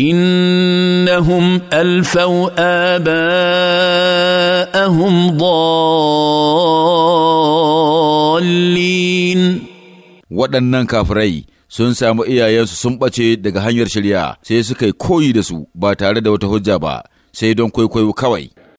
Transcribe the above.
انهم الفوا اباءهم ضالين waɗannan kafirai sun samu iyayensu sun ɓace daga hanyar shirya sai suka yi koyi da su ba tare da wata hujja ba sai don kwaikwayo kawai